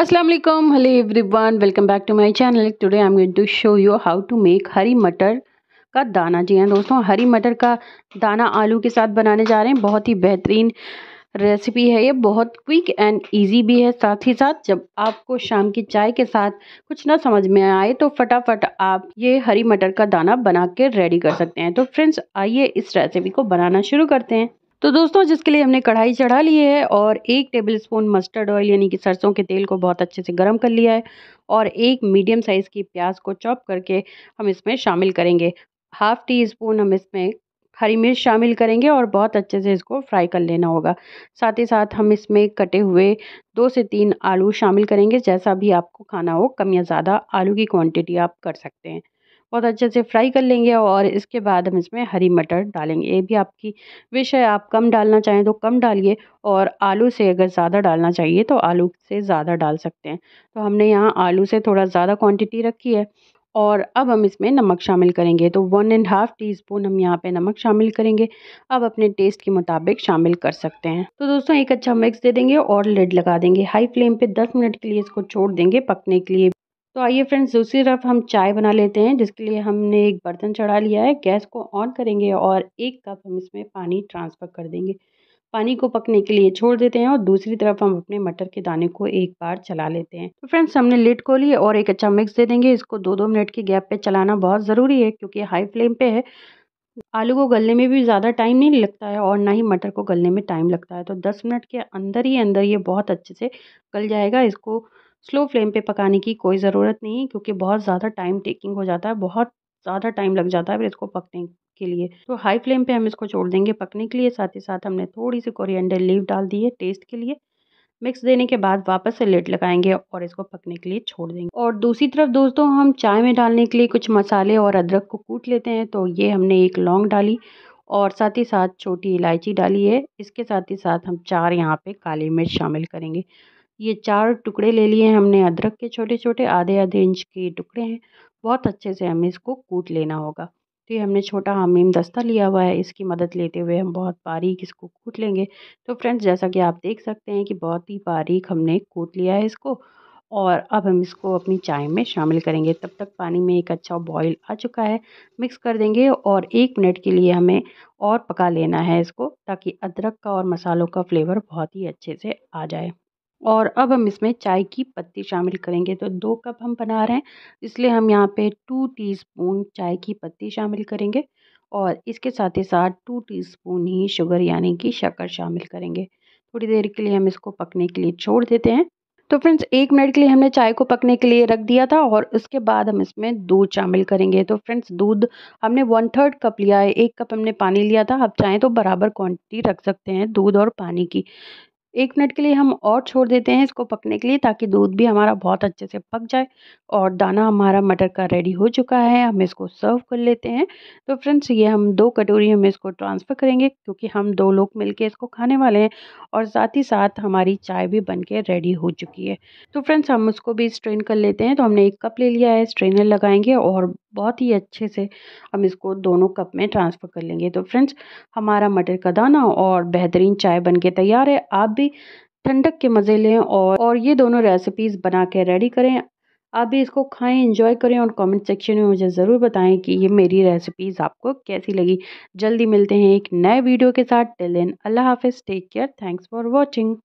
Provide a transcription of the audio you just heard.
अस्सलाम वालेकुम hello everyone welcome back to my channel today I am going to show you how to make हरी मटर का दाना जी हाँ दोस्तों हरी मटर का दाना आलू के साथ बनाने जा रहे हैं बहुत ही बेहतरीन रेसिपी है ये बहुत क्विक एंड इजी भी है साथ ही साथ जब आपको शाम की चाय के साथ कुछ ना समझ में आए तो फटाफट आप ये हरी मटर का दाना बना के रेडी कर सकते हैं तो फ्रेंड्स आइए इस रेसिपी को बनाना शुरू करते हैं तो दोस्तों जिसके लिए हमने कढ़ाई चढ़ा ली है और एक टेबल स्पून मस्टर्ड ऑयल यानी कि सरसों के तेल को बहुत अच्छे से गर्म कर लिया है और एक मीडियम साइज़ की प्याज को चॉप करके हम इसमें शामिल करेंगे हाफ़ टी स्पून हम इसमें हरी मिर्च शामिल करेंगे और बहुत अच्छे से इसको फ्राई कर लेना होगा साथ ही साथ हम इसमें कटे हुए दो से तीन आलू शामिल करेंगे जैसा भी आपको खाना हो कम या ज़्यादा आलू की क्वांटिटी आप कर सकते हैं बहुत अच्छे से फ्राई कर लेंगे और इसके बाद हम इसमें हरी मटर डालेंगे ये भी आपकी विश है आप कम डालना चाहें तो कम डालिए और आलू से अगर ज़्यादा डालना चाहिए तो आलू से ज़्यादा डाल सकते हैं तो हमने यहाँ आलू से थोड़ा ज़्यादा क्वान्टिटी रखी है और अब हम इसमें नमक शामिल करेंगे तो one and half teaspoon हम यहाँ पे नमक शामिल करेंगे अब अपने टेस्ट के मुताबिक शामिल कर सकते हैं तो दोस्तों एक अच्छा मिक्स दे देंगे और लिड लगा देंगे हाई फ्लेम पे 10 मिनट के लिए इसको छोड़ देंगे पकने के लिए तो आइए फ्रेंड्स दूसरी तरफ हम चाय बना लेते हैं जिसके लिए हमने एक बर्तन चढ़ा लिया है गैस को ऑन करेंगे और एक कप हम इसमें पानी ट्रांसफ़र कर देंगे पानी को पकने के लिए छोड़ देते हैं और दूसरी तरफ हम अपने मटर के दाने को एक बार चला लेते हैं तो फ्रेंड्स हमने लिट को लिए और एक अच्छा मिक्स दे देंगे इसको दो दो मिनट के गैप पर चलाना बहुत ज़रूरी है क्योंकि हाई फ्लेम पे है आलू को गलने में भी ज़्यादा टाइम नहीं लगता है और ना ही मटर को गलने में टाइम लगता है तो दस मिनट के अंदर ही अंदर ये बहुत अच्छे से गल जाएगा इसको स्लो फ्लेम पे पकाने की कोई ज़रूरत नहीं है क्योंकि बहुत ज़्यादा टाइम टेकिंग हो जाता है बहुत ज़्यादा टाइम लग जाता है फिर इसको पकने के लिए तो हाई फ्लेम पे हम इसको छोड़ देंगे पकने के लिए साथ ही साथ हमने थोड़ी सी कोरिएंडर लीव डाल दी है टेस्ट के लिए मिक्स देने के बाद वापस से लेट लगाएंगे और इसको पकने के लिए छोड़ देंगे और दूसरी तरफ दोस्तों हम चाय में डालने के लिए कुछ मसाले और अदरक को कूट लेते हैं तो ये हमने एक लौंग डाली और साथ ही साथ छोटी इलायची डाली है इसके साथ ही साथ हम चार यहाँ पे काली मिर्च शामिल करेंगे ये चार टुकड़े ले लिए हैं हमने अदरक के छोटे छोटे आधे आधे इंच के टुकड़े हैं बहुत अच्छे से हमें इसको कूट लेना होगा तो ये हमने छोटा हमीम दस्ता लिया हुआ है इसकी मदद लेते हुए हम बहुत बारीक इसको कूट लेंगे तो फ्रेंड्स जैसा कि आप देख सकते हैं कि बहुत ही बारीक हमने कूट लिया है इसको और अब हम इसको अपनी चाय में शामिल करेंगे तब तक पानी में एक अच्छा बॉईल आ चुका है मिक्स कर देंगे और एक मिनट के लिए हमें और पका लेना है इसको ताकि अदरक का और मसालों का फ्लेवर बहुत ही अच्छे से आ जाए और अब हम इसमें चाय की पत्ती शामिल करेंगे तो दो कप हम बना रहे हैं इसलिए हम यहाँ पे टू टीस्पून चाय की पत्ती शामिल करेंगे और इसके साथ ही साथ टू टीस्पून ही शुगर यानी कि शक्कर शामिल करेंगे थोड़ी देर के लिए हम इसको पकने के लिए छोड़ देते हैं तो फ्रेंड्स एक मिनट के लिए हमने चाय को पकने के लिए रख दिया था और उसके बाद हम इसमें दूध शामिल करेंगे तो फ्रेंड्स दूध हमने वन थर्ड कप लिया है एक कप हमने पानी लिया था आप चाहें तो बराबर क्वांटिटी रख सकते हैं दूध और पानी की एक मिनट के लिए हम और छोड़ देते हैं इसको पकने के लिए ताकि दूध भी हमारा बहुत अच्छे से पक जाए और दाना हमारा मटर का रेडी हो चुका है हम इसको सर्व कर लेते हैं तो फ्रेंड्स ये हम दो कटोरी में इसको ट्रांसफ़र करेंगे क्योंकि हम दो लोग मिलके इसको खाने वाले हैं और साथ ही साथ हमारी चाय भी बन के रेडी हो चुकी है तो फ्रेंड्स हम उसको भी स्ट्रेन कर लेते हैं तो हमने एक कप ले लिया है स्ट्रेनर लगाएँगे और बहुत ही अच्छे से हम इसको दोनों कप में ट्रांसफ़र कर लेंगे तो फ्रेंड्स हमारा मटर का दाना और बेहतरीन चाय बन के तैयार है आप भी ठंडक के मज़े लें और और ये दोनों रेसिपीज़ बना के रेडी करें आप भी इसको खाएं इंजॉय करें और कमेंट सेक्शन में मुझे ज़रूर बताएं कि ये मेरी रेसिपीज़ आपको कैसी लगी जल्दी मिलते हैं एक नए वीडियो के साथ टेलिन अल्लाह हाफिज़ take care thanks for watching